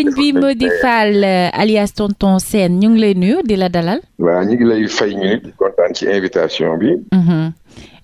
sëñ bi Mody alias tonton Sène ñu ngi lay nuyu di la dalal. waaw ñu ngi lay fay ñu nit mhm.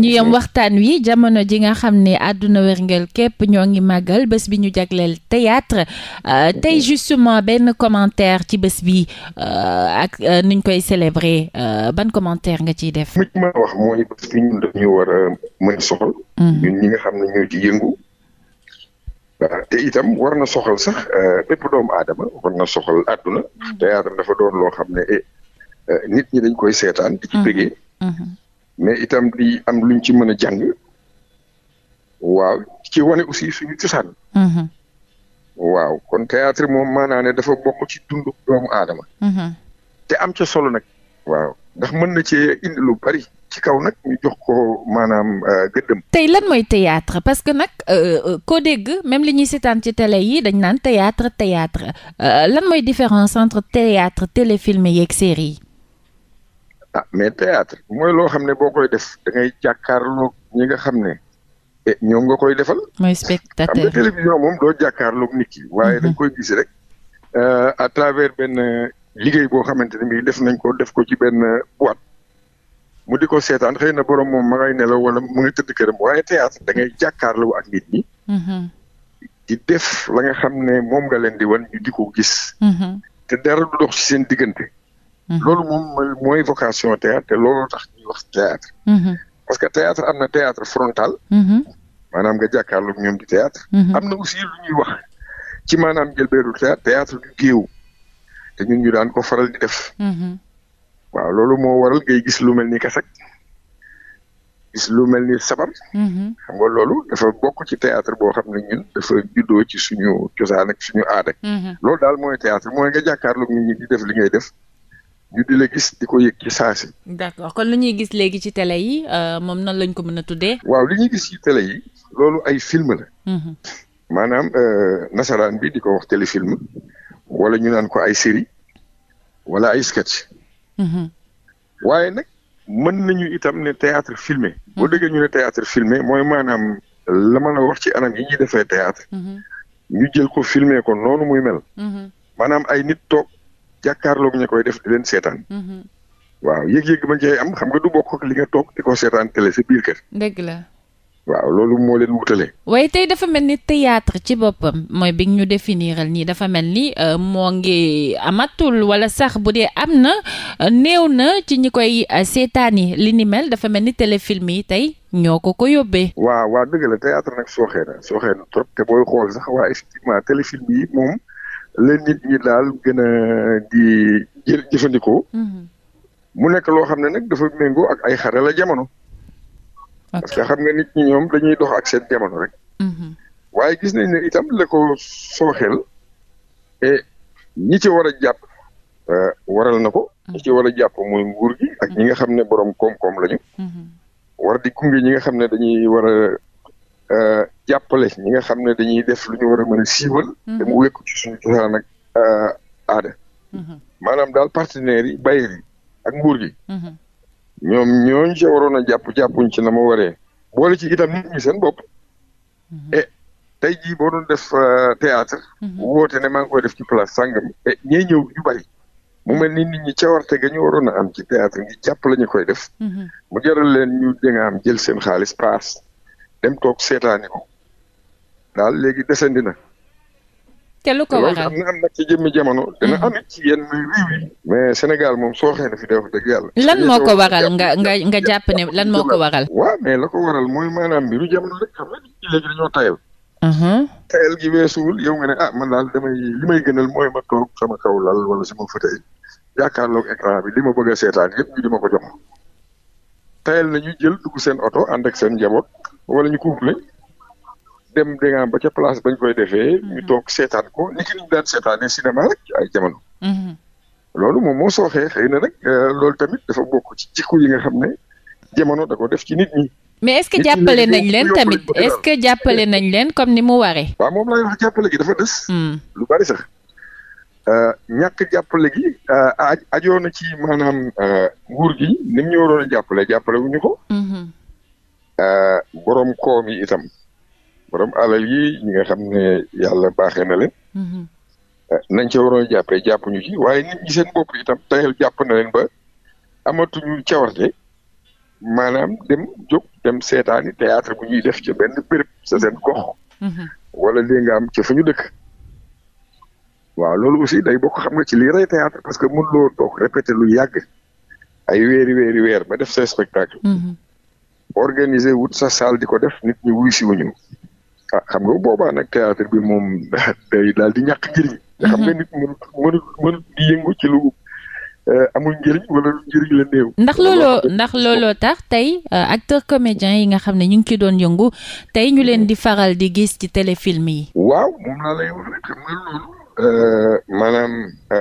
ñu yem waxtaan wi jamono ji nga xam ne àdduna wérngel képp ñoo ngi màggal bés bi ñu jagleel théâtre euh, tey mhm. justement benn commentaire ci bés bi euh, ak euh, nuñ koy célébrer ban commentaire nga ciy def. li ma wax mooy bés bi ñun dañu war mën soxal. Mhm. ñun ñi nga xam ne ñoo ci yëngu. te itam war na soxal sax euh, bépp doomu aadama war na soxal àdduna. Mm-hmm. loo xam ne eh, euh, nit ñi dañ koy seetaan. di ci mm-hmm. bëggee. Mm-hmm. luñ ci mën a jàng. wane aussi suñu cosaan. waaw kon théâtre moom maanaa ne dafa bokk te am ca solo nag. waaw ndax mën na cee indi lu bari. ci kaw nag ñu jox ko maanaam euh, gëddëm. tey lan mooy théâtre parce que nag euh, euh, koo dégg même li ñuy seetaan ci télé yi dañ naan théâtre théâtre lan mooy différence entre théâtre téléfilm yeeg série yi. Ah, mais théâtre mooy loo xam ne boo koy def da ngay jàkkaarloog ñi nga xam ne eh, ñoom nga koy defal. mooy spectateur am na télévision moom doo jàkkaarloog nit ki. waaye mhm. dañ koy gis rek à travers benn liggéey boo xamante ne bii def nañ ko def ko ci benn boîte. mu di ko seetaan xëy na borom moom ma ngay nelaw wala mu ngi tëdd këram waaye théâtre da ngay jàkkaarloo ak nit ñi. Mm-hmm. di def la nga xam ne moom nga leen di wan ñu di ko gis. Mm-hmm. te dara du dox ci seen diggante. Mm-hmm. loolu moom mooy vocation a te loolu tax ñuy wax théâtre parce que théâtre am na théâtre frontal. maanaam nga jàkkaarloo ñoom di théâtre am na aussi lu ñuy wax ci maanaam njëlbeeru théâtre théâtre du géew te ñun ko faral di def. waaw loolu moo waral ngay gis lu mel ni kasak gis lu mel ni sabar. Mm-hmm. xam nga loolu dafa bokk ci théâtre boo xam na ñun dafa juddoo ci suñu cosaan ak suñu aada. Mm-hmm. loolu daal mooy théâtre mooy nga jàkkaarloog nit ñi di def li ngay def. ñu di la gis di ko yëg ci saasi. d'accord kon lu ñuy gis léegi ci télé yi euh, moom nan lañ ko mën a tuddee. waaw li ñuy gis ci télé yi loolu ay film la. Mm-hmm. maanaam euh, nasaraan bi di ko wax téléfilm wala ñu naan ko ay série wala ay sketch. Mm-hmm. waaye nag mën nañu itam ne théâtre filmé. boo mm-hmm. déggee ñu ne théâtre filmé mooy maanaam la ma la wax ci anam yi ñuy defee théâtre mm-hmm. ñu jël ko filmé ko noonu muy mel. maanaam ay nit toog jàkkaarloog ña koy def di leen seetaan. waaw yëg-yëg ba njëy am xam nga du bokk ak li toog di ko seetaan télé sa biir kër. waaw loolu moo leen wutale. waaye tey dafa mel ni théâtre ci boppam mooy bi ñu définiral nii dafa mel ni euh, moo ngi amatul wala sax bu dee am na euh, néew na ci ñi koy euh, seetaan yi li ni mel dafa mel ni téléfilm yi tey ñoo ko ko yóbbee. waaw waa dëgg la théâtre nag sooxee na sooxee na trop te booy xool sax waa effectivement téléfilm yi moom la nit ñi daal gën a di jëfandikoo. Mm-hmm. mu nekk loo xam ne nag dafa méngoo ak ay xarala jamono. parce que xam nga nit ñi ñoom dañuy dox ak seen jamono rek. Mm-hmm. waaye gis nañ ne itam la ko sooxeel et ñi jàpp euh, waral na ko. Mm-hmm. ñi ci jàpp mooy nguur gi ak ñi nga xam ne borom koom-koom lañu. Mm-hmm. war di gunge ñi nga xam ne dañuy war a euh, jàppale ñi nga xam ne dañuy def lu ñu war a mën a siiwal. te mu wékku ci ak euh, aada. maanaam daal partenaires yi bailleurs yi ak nguur gi. ñoom ñooñu ca waroon a jàpp jàppuñ ci na mo waree boole ci itam nit ñi seen bopp. e tey jii boo doon def euh, théâtre mhm. woote ne maa ngi koy def ci place sàngam e ñee ñëw ñu bari mu mel ni nit ñi cawarte ga ñu waroon a am ci théâtre ngi jàpp lañu koy def mhm. mu jaral leen ñu nga am jël seen xaalis paas dem toog seetaani ko daal léegi desandi te lu ko waral dina am nag ci jëmmi jamono. Mm. dina am ci yenn réew yi. mais Sénégal moom soo xëy na fi def dëgg yàlla. lan moo ko waral nga nga nga jàpp ne lan moo ko waral. waaw mais la ko waral mooy maanaam mbiru jamono rek xam nga léegi dañoo tayal. Mm-hmm. tayal gi weesuwul yow nga ne ah man daal damay li may gënal mooy ma toog sama kaw lal wala sama yakaar jàkkaarloog écran bi li ma bëgg seetaan yëpp ñu di ma ko jox tayal na ñu jël dugg seen oto ànd ak seen njaboot wala ñu couple dem da ba place bañ koy defee. Mhm. ñu toog seetaan ko ni ki ñu daan seetaanee cinéma rek a jamono. Mhm. loolu moom moo sooxee xëy na nag euh, loolu tamit dafa bokk ci jikko yi nga xam ne jamono da ko def ci nit ñi. mais est-ce que jàppale nañ leen tamit est-ce que jàppale nañ leen comme ni mu waree. waaw moom laay wax jàppale gi dafa des. Hmm. lu bari sax euh, jàppale gi euh, ajoo na ci maanaam nguur gi ni mu ñu jàppale jàppale wuñu ko. Hmm. borom koom yi itam borom alal yi ñi nga xam ne yàlla baaxee na leen. Mhm. Eh, nañ ca waroon jàppee jàppuñu ci waaye nit ñi seen bopp itam tayal jàpp na leen ba amatuñu cawarte maanaam dem jóg dem seetaani théâtre bu ñuy def ca benn béréb sa seen gox. Mhm. wala dee nga am ca fa dëkk. waaw loolu aussi day bokk xam nga ci lii rey théâtre parce que mën loo toog répété lu yàgg ay weeri weeri weer ba def say spectacle. Mhm. organiser wut sa salle di ko def nit ñi wuy wuñu ah xam nga boobaa nag théâtre bi moom day daal di ñàkk njëriñ. nga xam nga mhm. nit mënut mënut di yëngu ci lu euh, amul njëriñ wala njëriñ la néew. ndax looloo ndax looloo tax tey euh, acteur comédien yi nga xam ne ñu ngi ci doon yëngu tey ñu leen di faral di gis ci téléfilm yi. waaw moom laa lay wax rek xam nga loolu. Euh, maanaam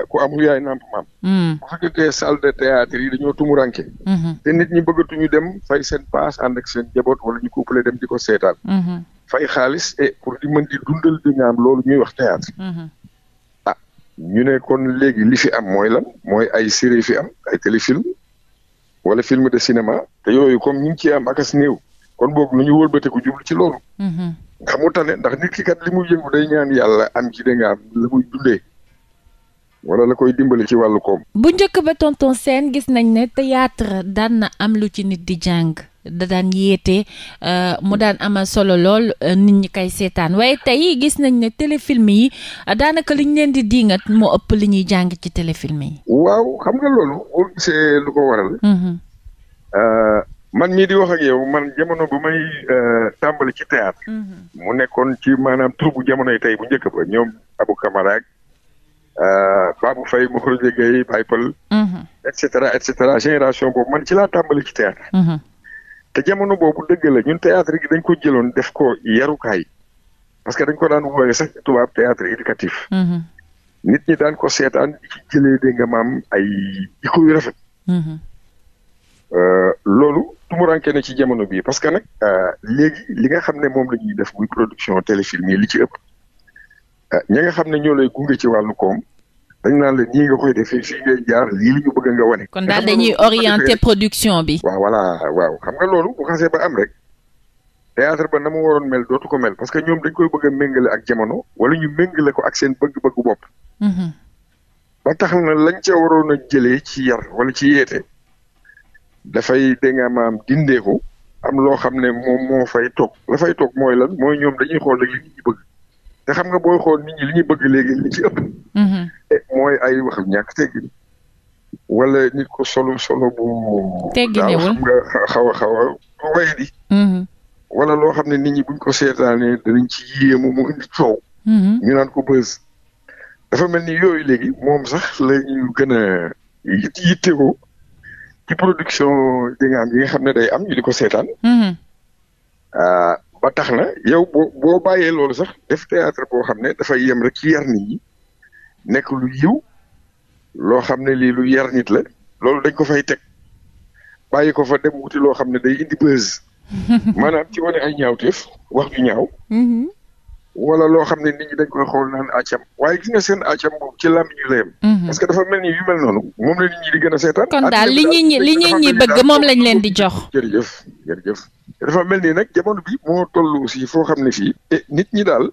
ku amul yaay nàmp maam. bu hmm. fekkee salle de théâtre yi dañoo tumuranke mhm. te nit ñi bëggatuñu dem fay seen paas ànd ak seen jaboot wala ñu couple dem fay xaalis et pour di mën di dundal di ñaan loolu ñuy wax théâtre mhm. ah ñu ne kon léegi li fi am mooy lan mooy ay série fi am ay téléfilm wala film de cinéma te yooyu comme ñu ngi ci am akas néew kon boog nu ñu wëlbateeku jublu ci loolu mhm. ndax mu tane ndax nit ki kat li muy yëngu day ñaan yàlla am ci da nga am la dundee wala la koy dimbali ci wàllu koom bu njëkk ba tonton Sène gis nañ ne théâtre daan na am lu ci nit di jàng da daan yéete euh, mu daan amal solo lool euh, nit ñi kay seetaan waaye tey gis nañ ne téléfilm yi daanaka li leen di diingat moo ëpp li ñuy jàng ci téléfilm yi. waaw xam nga loolu c'est lu ko waral. Mm-hmm. Euh, man mii di wax ak yow man jamono bu may tàmbali ci théâtre mm-hmm. mu nekkoon ci maanaam tur bu jamonoy tey bu njëkk ba ñoom Abou Camara ak Babou Faye Mokoro Gueye Baye Paul. Mm-hmm. et cetera génération boobu man ci laa tàmbali ci théâtre te jamono boobu dëgg la ñun théâtre gi dañ ko jëloon def ko yarukaay parce que dañ ko daan woowee sax tubaab théâtre éducatif. Mm-hmm. nit ñi daan ko seetaan di ci jëlee dégg nga maam ay jikko yu mm-hmm. euh, loolu tumuranke na ci jamono bii parce que nag euh, léegi li nga xam ne moom lañu def muy production téléfilm yi li ci ëpp euh, ña nga xam ne ñoo lay gunge ci wàllu koom. dañ naan leen ñii nga koy defee fii ngay jaar lii li bëgg nga wane. kon daal dañuy orienter production bi. waaw voilà waaw xam nga loolu bu xasee ba am rek. théâtre ba na mu waroon mel dootu ko mel parce que ñoom dañ koy bëgg a méngale ak jamono wala ñu méngale ko ak seen bëgg-bëggu bopp. Mm-hmm. ba tax na lañ ca waroon a jëlee ci yar wala ci yeete. dafay dégg dindeeku am loo xam ne moom moo fay toog la fay toog mooy lan mooy ñoom dañuy xool rek li ñu bëgg. te xam nga booy xool nit ñi li ñu bëgg léegi li ci ëpp. Mm-hmm. Eh, mooy ay wax ñàkk teggin wala nit ko solo solo bu. tegginewul mm-hmm. wala loo xam ne nit ñi buñ ko seetaanee danañ ci yéemu mu indi coow. Mm-hmm. ñu naan ko bës. dafa mel ni yooyu léegi moom sax la ñu gën a yittewoo ci production yi nga am nga xam ne day am ñu di ko seetaan. Ah, ba tax na yow bo boo bàyyee loolu sax def théâtre boo xam ne dafay yem rek ci yar nit ñi lu yiw loo xam ne lii lu yar nit la loolu dañ ko fay teg bàyyi ko fa dem wuti loo xam ne day indi buzz maanaam ci wane ay ñaawteef wax ju ñaw mm-hmm. wala loo xam ne nit ñi dañ koy xool naan acam waaye gis nga seen acam boobu ci làmmiñ layam mhm. parce que dafa mel ni yu mel noonu moom la di gën a seetaan kon daal li ñi ñi li ñi leen di jox jërëjëf jërëjëf dafa mel nii nag jamono bi moo toll aussi foo xam ne fii eh, nit ñi daal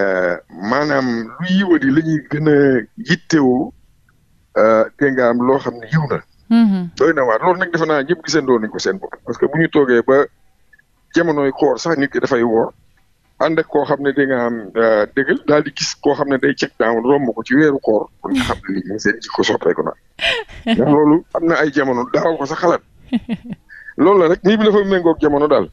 euh, maanaam lu yiwa di la ñuy gën a yittewoo te euh, nga loo xam ne yiw na mhm. doy na loolu nag defe naa ñëpp gisandoo nañ ko seen bopp parce que bu ñu toogee ba jamonoy koor sax nit ki dafay woor ànd de koo xam ne da nga euh, daal di gis koo xam ne day ceg daaw romb ci weeru koor kon xam ne lii ay jamono daaw ko sa xalaat loolu la rek nii bi dafa méngoog jamono daal.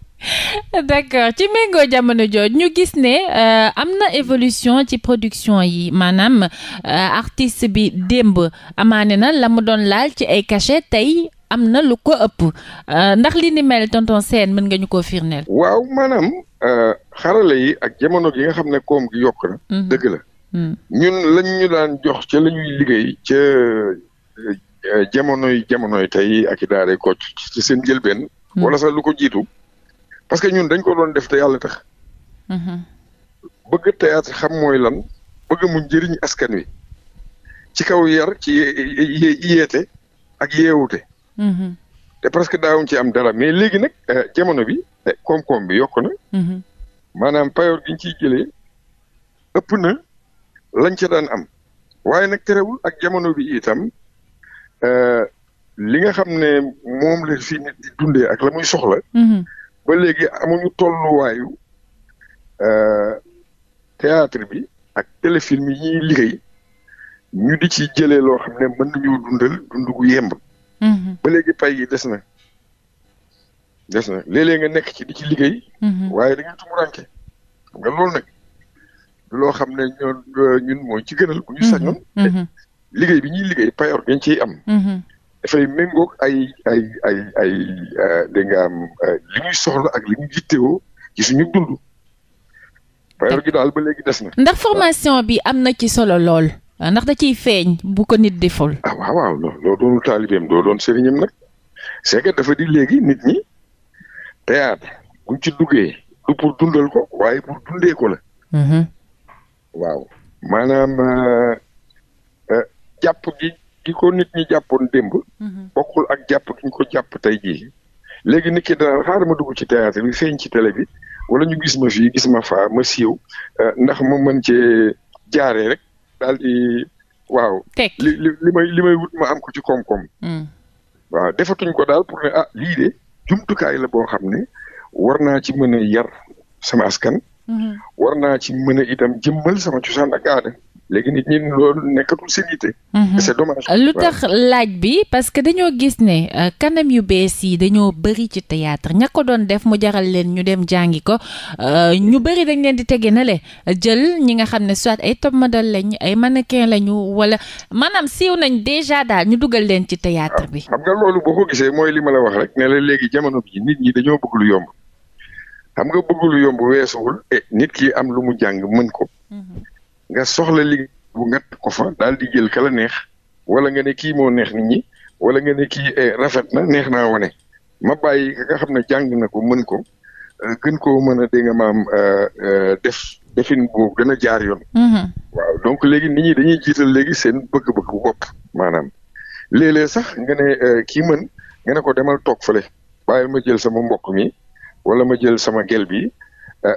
d'accord ci méngoo jamono jooju ñu gis ne euh, am na évolution ci production yi maanaam euh, artiste bi démb amaane na la doon laal ci ay cachet tey am na lu ko ëpp ndax li ni mel tonton Sène mën nga ñu ko firndeel. waaw maanaam Euh, xarale yi ak jamono gi nga xam ne koom gi yokk na. Mm-hmm. dëgg la mm-hmm. ñun lañ ñu daan jox ca la ñuy liggéey ca euh, jamonoy jamonoy tey ak i daaree ko ci seen jëlbeen. Mm-hmm. wala sax lu ko jiitu parce que ñun dañ ko doon def te yàlla tax. bëgg théâtre xam mooy lan bëgg mu njëriñ askan wi ci kaw yar ci yeete ak yeewute. te presque daawuñ ci am dara mais léegi nag euh, jamono bi koom-koom bi yokk na. Mm-hmm. maanaam payoor gi ñu ciy ëpp na lañ ca daan am waaye nag terewul ak jamono bi itam euh, li nga xam ne moom la fi nit di dundee ak la muy soxla. Mm-hmm. ba léegi amuñu tolluwaayu euh, théâtre bi ak téléfilm yi ñuy liggéey ñu di ci jëlee loo xam ne mën nañoo dundal dund gu yemb. Mm-hmm. ba léegi pay yi des na des na léeg-léeg nekk ci di ci liggéey. Mm-hmm. waaye da ngay tumuranke xam nga loolu du loo xam ne ñoon ñun mooy ci gënal bu ñu mm-hmm. sañoon. liggéey bi ñuy liggéey payoor gañ ciy am. dafay méngoog ay ay ay ay euh, dégg nga am euh, li ñuy soxla ak li ñuy ci suñu dund. payoor gi daal ba léegi des na. ndax formation bi am na ci solo lool. ndax da ciy feeñ bu ko nit deful. ah waaw waaw loo doonul taalibeem doo doon sëriñam nag c'est que di léegi nit ñi théâtre buñ ci duggee du pour dundal ko waaye pour dundee ko la. Mm-hmm. waaw maanaam euh, euh, jàpp gi gi ko nit ñi jàppoon démb. Mm-hmm. bokkul ak jàpp gi ko jàpp tey jii. léegi nit ki daal xaaral ma dugg ci théâtre bi feeñ ci télé bi wala ñu gis ma fii gis ma faa ma siiw euh, ndax ma mën cee jaaree rek. daal di waaw. li li li may li may ma am ko ci koom-koom. Mm. waaw defatuñ ko daal pour ne ah lii de jumtukaay la boo xam ne war naa ci mën a yar sama askan. Mm-hmm. war naa ci mën a itam jëmmal sama cosaan ak aada. léegi nit ñi loolu nekkatul seen mhm. lu tax laaj bi parce que dañoo gis ne euh, kanam yu bees yi dañoo bëri ci théâtre ña ko doon def mu jaral leen ñu dem jàngi ko euh, ñu bëri dañ leen di tege na jël ñi nga xam ne soit ay top model lañ ay mannequin lañu wala manam siiw nañ déjà daal ñu dugal leen ci théâtre bi. xam nga loolu boo ko gisee mooy li la wax rek ne léegi jamono bi nit ñi dañoo bëgg lu yomb xam nga bëgg lu yomb weesuwul nit ki am lu mu jàng mën ko. Mhm. nga soxla liggéey bu nga teg ko daal di jël kala neex wala nga ne kii moo neex nit ñi wala nga ne kii eh, rafet na neex na wane ma bàyyi nga xam ne jàng na ko mën ko euh, gën ko mën a dégg nga maam euh, euh, def defin bu gën a jaar yoon. Mm-hmm. waaw donc léegi nit ñi dañuy jiital léegi seen bëgg-bëgg bu bopp maanaam léeg sax nga ki kii mën nga ne ko demal toog fële bàyyil ma jël sama mbokk mi wala ma jël sama gel bi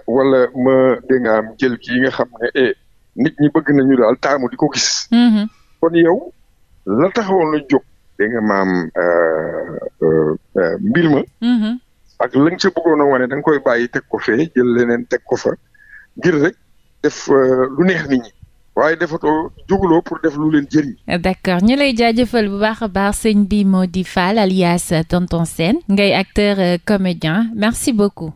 wala ma dégg nga am jël kii nga xam ne eh, nit ñi bëgg nañu daal taamu di ko gis. Mm-hmm. kon yow la taxawoon la jóg. dégg maam euh, euh, euh, mbir ma. Mm-hmm. ak la nga ca a wane da nga koy bàyyi teg ko fee jël leneen teg ko fa ngir rek def lu neex nit waaye defatoo jóguloo pour def lu leen jëriñ. d'accord ñu lay jaajëfal bu baax a baax sëñ bi Mody Fall alias Tonton Sène ngay acteur comédien merci beaucoup.